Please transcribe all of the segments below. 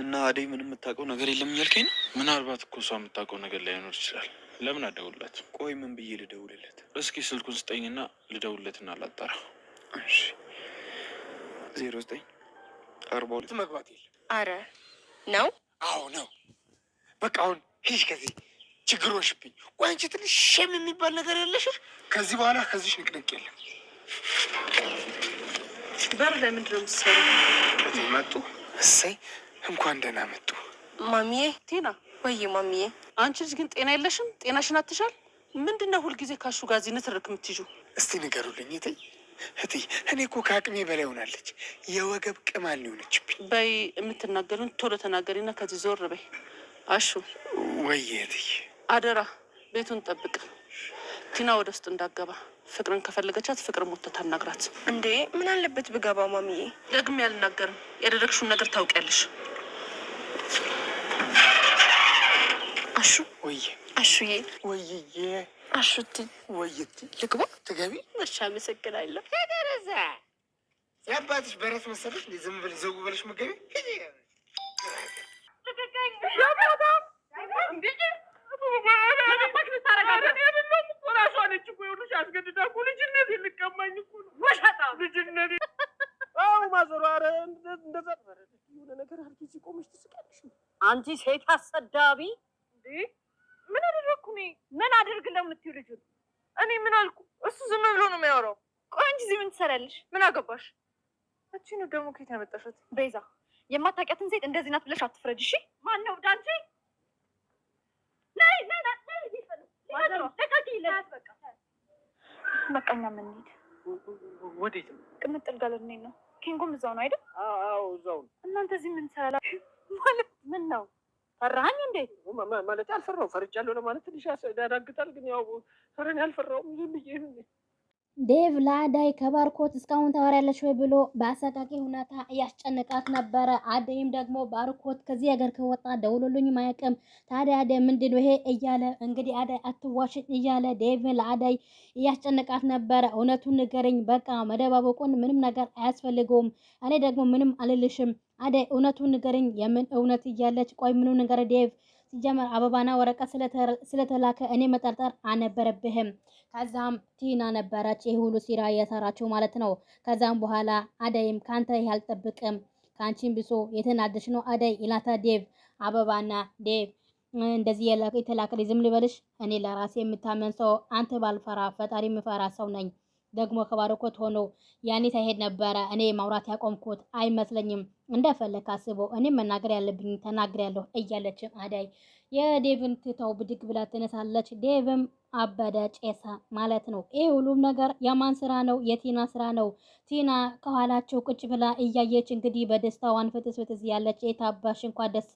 እና አደይ ምን የምታውቀው ነገር የለም እያልከኝ ነው? ምናልባት እኮ እሷ የምታውቀው ነገር ላይኖር ይችላል። ለምን አደውልለት? ቆይ ምን ብዬ ልደውልለት? እስኪ ስልኩን ስጠኝና ልደውልለትና ላጣራ። ዜሮ ዘጠኝ አርባ ሁለት መግባት የለም። አረ ነው? አዎ ነው። በቃ አሁን ሂጅ ከዚህ ችግሮሽብኝ። ቆይ አንቺ ትንሽ ሸም የሚባል ነገር ያለሽ ከዚህ በኋላ ከዚህ ንቅንቅ የለም። በር ለምንድነው ምሰሩ? መጡ እሰይ እንኳን ደህና መጡ ማሚዬ። ቴና ወይ ማሚዬ፣ አንቺ ልጅ ግን ጤና የለሽም። ጤናሽን አትሻል። ምንድነው ሁልጊዜ ካሹ ጋዚ ንትርክ የምትይዙ? እስቲ ንገሩልኝ እትዬ። እትዬ እኔ እኮ ከአቅሜ በላይ ሆናለች። የወገብ ቅማል ሊሆነችብኝ። በይ የምትናገሩን ቶሎ ተናገሪና ከዚህ ዞር በይ። አሹ ወይ እትዬ፣ አደራ ቤቱን ጠብቅ። ቲና ወደ ውስጥ እንዳገባ ፍቅርን ከፈለገቻት ፍቅር ሞተት አናግራት። እንዴ። ምን አለበት ብገባ ማሚዬ? ደግሜ አልናገርም። ያደረግሽውን ነገር ታውቂያለሽ። አሹ ወይ አሹዬ ወይዬ አሹቲ ወይቲ ልግባ ትገቢ መሻ አመሰግናለሁ። ተገረዘ የአባትሽ በረት መሰለሽ ዝም ብለሽ ዘው ብለሽ ምገቢ አንቺ ሴት አሰዳቢ ምን አደረግኩ እኔ? ምን አደርግ ለምትዩ ልጁ እኔ ምን አልኩ? እሱ ዝም ብሎ ነው የሚያወራው። ቆይ እንጂ እዚህ ምን ትሰሪያለሽ? ምን አገባሽ? እቺን ደግሞ ከየት ነው ያመጣሽው? ቤዛ የማታውቂያትን ሴት እንደዚህ ናት ብለሽ አትፍረጅ። እሺ ማን ነው ዳንቺ? ነይ ነይ ነይ በቃ እኛ የምንሄድ ወዴት ነው? ቅምጥል ጋር ልንሄድ ነው። ኪንጎም እዛው ነው አይደል? አዎ እዛው ነው። እናንተ እዚህ ምን ትሰራላችሁ? ማለት ምን ነው ፈራሃኝ እንዴ? ማለት አልፈራው፣ ፈርጃለሁ ለማለት ትንሽ ያዳግታል። ግን ያው ፈረን ያልፈራውም ዝም ብዬ ዴቭ ለአዳይ ከባርኮት እስካሁን ታወሪያለሽ ወይ ብሎ በአሰቃቂ ሁኔታ እያስጨነቃት ነበረ። አደይም ደግሞ ባርኮት ከዚህ ሀገር ከወጣ ደውሎልኝ ማያውቅም። ታዲያ አዳይ ምንድን ነው ይሄ እያለ እንግዲህ አዳይ አትዋሽ እያለ ዴቭ ለአዳይ እያስጨነቃት ነበረ። እውነቱን ንገረኝ፣ በቃ መደባበቁን ምንም ነገር አያስፈልገውም። እኔ ደግሞ ምንም አልልሽም። አዳይ እውነቱን ንገረኝ። የምን እውነት እያለች ቆይ ምኑ ንገረ ዴቭ ሲጀመር አበባና ወረቀት ስለተላከ እኔ መጠርጠር አነበረብህም። ከዛም ቲና ነበረች ይህ ሁሉ ሲራ የሰራችው ማለት ነው። ከዛም በኋላ አደይም ከአንተ ይህ አልጠብቅም ከአንቺን ብሶ የተናደሽ ነው አደይ ኢላታ ዴቭ አበባና ዴቭ እንደዚህ የተላከ ዝም ልበልሽ እኔ ለራሴ የምታመን ሰው አንተ ባልፈራ ፈጣሪ የምፈራ ሰው ነኝ። ደግሞ ከባረኮት ሆኖ ያኔ ተሄድ ነበረ። እኔ ማውራት ያቆምኩት አይመስለኝም። እንደፈለክ አስበው፣ እኔ መናገር ያለብኝ ተናግሬያለሁ እያለችም አዳይ የዴቭን ትተው ብድግ ብላ ትነሳለች። ዴቭም አበደ ጬሳ ማለት ነው። ይህ ሁሉም ነገር የማን ስራ ነው? የቲና ስራ ነው። ቲና ከኋላቸው ቁጭ ብላ እያየች እንግዲህ በደስታዋን ፍትስ ፍትስ ያለች የታባሽ እንኳ ደስ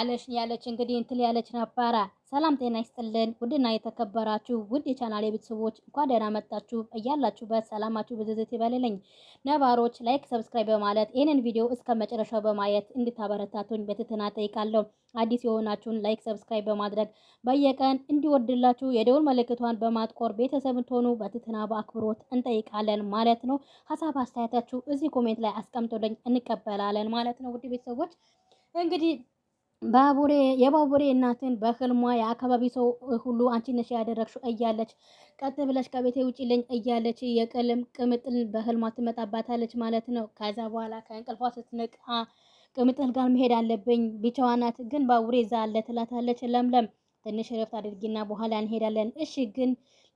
አለሽ ያለች እንግዲህ እንትል ያለች ነበረ። ሰላም ጤና ይስጥልን ውድና የተከበራችሁ ውድ የቻናሌ ቤተሰቦች እንኳን ደህና መጣችሁ። እያላችሁበት ሰላማችሁ ብዝዝት ይበልልኝ። ነባሮች ላይክ፣ ሰብስክራይብ በማለት ይህንን ቪዲዮ እስከ መጨረሻው በማየት እንድታበረታቱኝ በትህትና ጠይቃለሁ። አዲስ የሆናችሁን ላይክ፣ ሰብስክራይብ በማድረግ በየቀን እንዲወድላችሁ የደውል ምልክቷን በማጥቆር ቤተሰብ እንትሆኑ በትህትና በአክብሮት እንጠይቃለን ማለት ነው። ሀሳብ አስተያየታችሁ እዚህ ኮሜንት ላይ አስቀምጦልኝ እንቀበላለን ማለት ነው። ውድ ቤተሰቦች እንግዲህ ባቡሬ የባቡሬ እናትን በህልሟ የአካባቢ ሰው ሁሉ አንቺ ነሽ ያደረግሽው እያለች ቀጥ ብለሽ ከቤቴ ልኝ እያለች የቀለም ቅምጥል በህልሟ ትመጣባታለች ማለት ነው። ከዛ በኋላ ከእንቅልፏ ስትነቃ ቅምጥል ጋር መሄድ አለብኝ ብቻዋ ናት፣ ግን ባቡሬ እዛ አለ ትላታለች። ለምለም ትንሽ ረፍት አድርጊና በኋላ እንሄዳለን። እሺ፣ ግን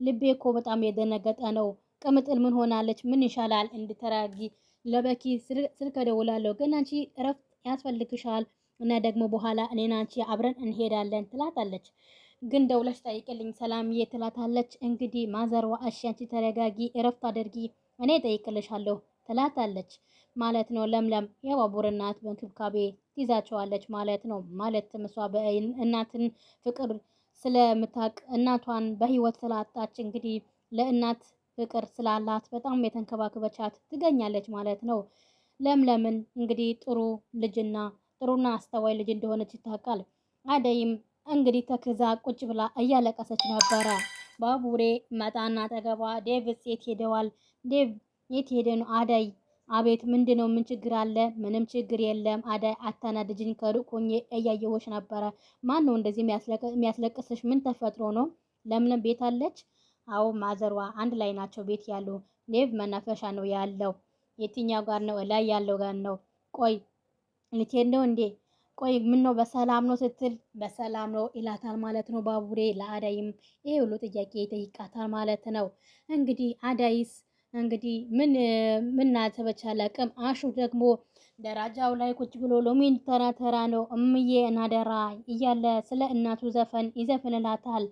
ልቤ እኮ በጣም የደነገጠ ነው። ቅምጥል ምን ሆናለች? ምን ይሻላል? እንድተራጊ ለበኪ ስልክ ደውላለሁ፣ ግን አንቺ ረፍት ያስፈልግሻል እና ደግሞ በኋላ እኔና አንቺ አብረን እንሄዳለን ትላታለች። ግን ደውለሽ ጠይቅልኝ ሰላምዬ ትላታለች። እንግዲህ ማዘርዋ እሺ አንቺ ተረጋጊ፣ እረፍት አድርጊ፣ እኔ እጠይቅልሻለሁ ትላታለች ማለት ነው። ለምለም የባቡር እናት በእንክብካቤ ትይዛቸዋለች ማለት ነው። ማለትም እሷ እናትን ፍቅር ስለምታቅ እናቷን በህይወት ስላጣች እንግዲህ ለእናት ፍቅር ስላላት በጣም የተንከባከበቻት ትገኛለች ማለት ነው። ለምለምን እንግዲህ ጥሩ ልጅና ጥሩና አስተዋይ ልጅ እንደሆነች ይታወቃል። አደይም እንግዲህ ተክዛ ቁጭ ብላ እያለቀሰች ነበረ። ባቡሬ መጣና አጠገቧ ዴቭ የት ሄደዋል? ዴቭ የት ሄደ ነው? አደይ አቤት፣ ምንድን ነው? ምን ችግር አለ? ምንም ችግር የለም። አደይ አታናድጅኝ፣ ከሩቅ ሆኜ እያየሁሽ ነበረ። ማን ነው እንደዚህ የሚያስለቅስሽ? ምን ተፈጥሮ ነው? ለምለም ቤት አለች? አዎ፣ ማዘሯ አንድ ላይ ናቸው ቤት ያሉ። ዴቭ መናፈሻ ነው ያለው። የትኛው ጋር ነው? እላይ ያለው ጋር ነው። ቆይ ልቴን ነው እንዴ? ቆይ ምን ነው በሰላም ነው ስትል በሰላም ነው ይላታል ማለት ነው። ባቡሬ ለአዳይም ይሄ ሁሉ ጥያቄ ይጠይቃታል ማለት ነው። እንግዲህ አዳይስ እንግዲህ ምን ምን በቻለ አቅም አሹ ደግሞ ደረጃው ላይ ቁጭ ብሎ ሎሚን ተራ ተራ ነው እምዬ እናደራ እያለ ስለ እናቱ ዘፈን ይዘፍንላታል።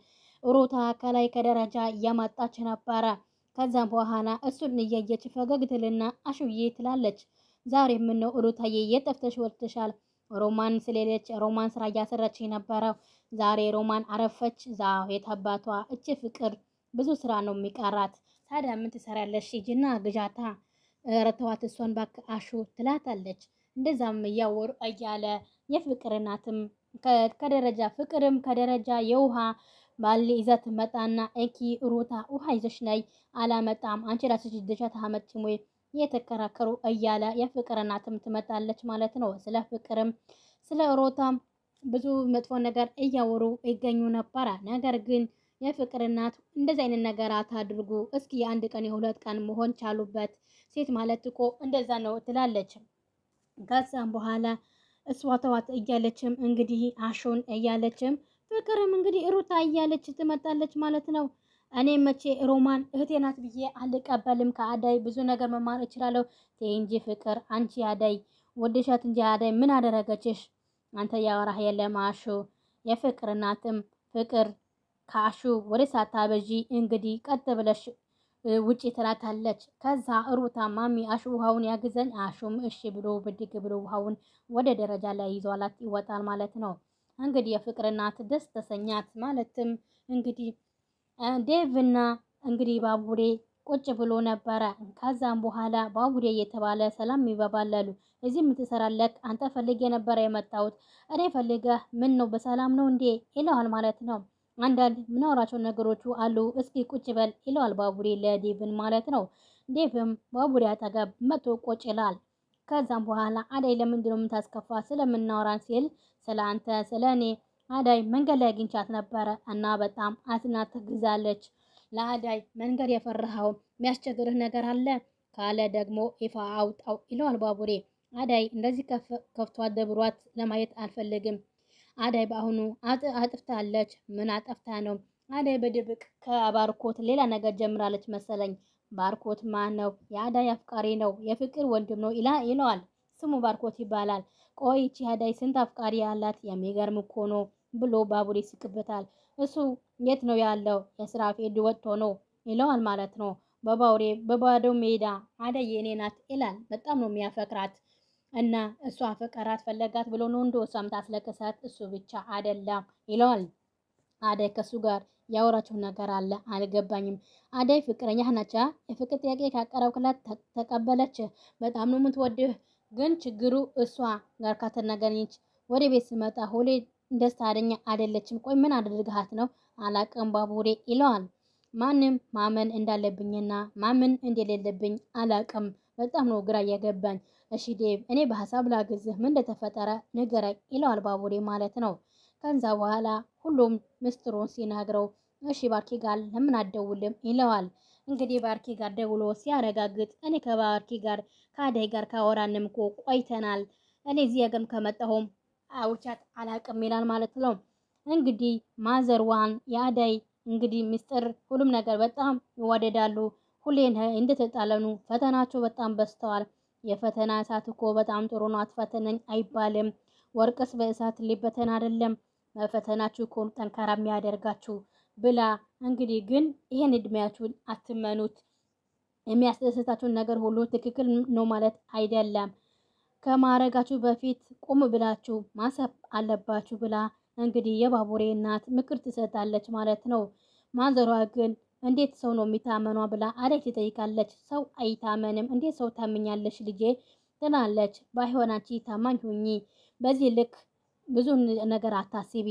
ሩታ ከላይ ከደረጃ እያማጣች ነበረ። ከዛም በኋላ እሱን እያየች ፈገግትልና አሹዬ ትላለች። ዛሬ ምን ነው ሩታዬ የት ጠፍተሽ ወጥተሻል? ሮማን ስለሌለች ሮማን ስራ እያሰራች የነበረው ዛሬ ሮማን አረፈች። ዛ የታባቷ እች ፍቅር ብዙ ስራ ነው የሚቀራት። ታዲያ ምን ትሰራለሽ? ሂጂና ግዣታ ረተዋት እሷን ባክ አሹ ትላታለች። እንደዛም እያወሩ እያለ የፍቅርናትም ከደረጃ ፍቅርም ከደረጃ የውሃ ባል ይዘት መጣና፣ እኪ ሩታ ውሃ ይዘሽ ነይ። አላመጣም አንቺ ራስሽ ድርሻ ታመጭም ወይ እየተከራከሩ እያለ የፍቅር እናትም ትመጣለች ማለት ነው። ስለ ፍቅርም ስለ ሮታም ብዙ መጥፎ ነገር እያወሩ ይገኙ ነበረ። ነገር ግን የፍቅር እናት እንደዚህ አይነት ነገር አታድርጉ፣ እስኪ የአንድ ቀን የሁለት ቀን መሆን ቻሉበት፣ ሴት ማለት እኮ እንደዛ ነው ትላለች። ከዛም በኋላ እሷ ተዋት እያለችም እንግዲህ አሹን እያለችም ፍቅርም እንግዲህ ሩታ እያለች ትመጣለች ማለት ነው። እኔ መቼ ሮማን እህቴ ናት ብዬ አልቀበልም። ከአዳይ ብዙ ነገር መማር እችላለሁ። ተይ እንጂ ፍቅር፣ አንቺ አዳይ ወደሻት እንጂ አዳይ ምን አደረገችሽ? አንተ ያወራህ የለም አሹ የፍቅር እናትም ፍቅር ከአሹ ወደ ሳታበዢ እንግዲህ ቀጥ ብለሽ ውጪ ትላታለች። ከዛ ሩታ ማሚ አሹ ውሃውን ያግዘን። አሹም እሺ ብሎ ብድግ ብሎ ውሃውን ወደ ደረጃ ላይ ይዟላት ይወጣል ማለት ነው። እንግዲህ የፍቅር እናት ደስ ተሰኛት። ማለትም እንግዲህ ዴቭ እና እንግዲህ ባቡሬ ቁጭ ብሎ ነበረ። ከዛም በኋላ ባቡሬ እየተባለ ሰላም ይባባላሉ። እዚህ የምትሰራለህ አንተ ፈልጌ ነበረ የመጣሁት። እኔ ፈልገህ ምን ነው በሰላም ነው እንዴ ይለዋል ማለት ነው። አንዳንድ ምናወራቸው ነገሮቹ አሉ፣ እስኪ ቁጭ በል ይለዋል ባቡሬ ለዴቭን ማለት ነው። ዴቭም ባቡሬ አጠገብ መቶ ቁጭ ይላል። ከዛም በኋላ አደይ ለምንድነው የምታስከፋ ስለምናወራን ሲል ስለ አንተ ስለ እኔ አዳይ መንገድ ላይ አግኝቻት ነበረ እና በጣም አዝና ትግዛለች። ለአዳይ መንገድ የፈራኸው የሚያስቸግርህ ነገር አለ ካለ ደግሞ ይፋ አውጣው ይለዋል ባቡሬ። አዳይ እንደዚህ ከፍቷት ደብሯት ለማየት አልፈልግም። አዳይ በአሁኑ አጥፍታለች። ምን አጠፍታ ነው? አዳይ በድብቅ ከባርኮት ሌላ ነገር ጀምራለች መሰለኝ። ባርኮት ማን ነው? የአዳይ አፍቃሪ ነው፣ የፍቅር ወንድም ነው ይለዋል። ስሙ ባርኮት ይባላል። ቆይቺ አዳይ ስንት አፍቃሪ ያላት! የሚገርም እኮ ነው። ብሎ ባቡር ይስቅበታል። እሱ የት ነው ያለው? የሱራፌል ወጥቶ ነው ይለዋል ማለት ነው። በባውሬ በባዶ ሜዳ አደይ የኔ ናት ይላል። በጣም ነው የሚያፈቅራት እና እሷ አፈቀራት ፈለጋት ብሎ ነው እንዶ እሷም ታስለቅሳት እሱ ብቻ አይደለም ይለዋል። አደይ ከሱ ጋር ያወራችሁ ነገር አለ አልገባኝም። አደይ ፍቅረኛ ናቻ? የፍቅር ጥያቄ ካቀረብክላት ተቀበለች። በጣም ነው የምትወድህ፣ ግን ችግሩ እሷ ጋር ካተናገኘች ወደ ቤት ስመጣ ሁሌ ደስ ደስተኛ አይደለችም። ቆይ ምን አድርግሃት ነው? አላቅም ባቡሬ ይለዋል። ማንም ማመን እንዳለብኝና ማመን እንደሌለብኝ አላቅም። በጣም ነው ግራ እያገባኝ። እሺ ዴቭ፣ እኔ በሀሳብ ላግዝህ፣ ምን እንደተፈጠረ ንገረኝ ይለዋል ባቡሬ ማለት ነው። ከዛ በኋላ ሁሉም ምስጢሩን ሲነግረው እሺ ባርኪ ጋር ለምን አደውልም ይለዋል። እንግዲህ ባርኪ ጋር ደውሎ ሲያረጋግጥ እኔ ከባርኪ ጋር ከአደይ ጋር ካወራንም እኮ ቆይተናል እኔ እዚህ ያገም ከመጣሁም አውቻት አላቅም ይላል ማለት ነው። እንግዲህ ማዘርዋን የአዳይ እንግዲህ ምስጢር ሁሉም ነገር በጣም ይዋደዳሉ። ሁሌን እንደተጣለኑ ፈተናቸው በጣም በስተዋል የፈተና እሳት እኮ በጣም ጥሩ ነው። አትፈተነኝ አይባልም። ወርቅስ በእሳት ሊበተን አይደለም። ፈተናችሁ እኮ ጠንካራ የሚያደርጋችሁ ብላ እንግዲህ ግን ይሄን እድሜያችሁን አትመኑት። የሚያስደስታችሁን ነገር ሁሉ ትክክል ነው ማለት አይደለም። ከማረጋችሁ በፊት ቁም ብላችሁ ማሰብ አለባችሁ ብላ እንግዲህ የባቡሬ እናት ምክር ትሰጣለች ማለት ነው። ማዘሯ ግን እንዴት ሰው ነው የሚታመኗ ብላ አደይ ትጠይቃለች። ሰው አይታመንም፣ እንዴት ሰው ታምኛለች ልጄ ትላለች። ባይሆን ታማኝ ሁኚ፣ በዚህ ልክ ብዙ ነገር አታስቢ፣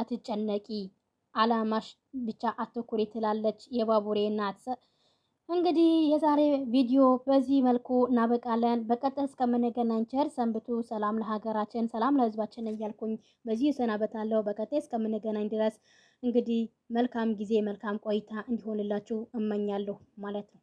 አትጨነቂ፣ አላማሽ ብቻ አትኩሪ ትላለች የባቡሬ እናት። እንግዲህ የዛሬ ቪዲዮ በዚህ መልኩ እናበቃለን። በቀጣይ እስከምንገናኝ ቸር ሰንብቱ። ሰላም ለሀገራችን፣ ሰላም ለሕዝባችን እያልኩኝ በዚህ እሰናበታለሁ። በቀጣይ እስከምንገናኝ ድረስ እንግዲህ መልካም ጊዜ፣ መልካም ቆይታ እንዲሆንላችሁ እመኛለሁ ማለት ነው።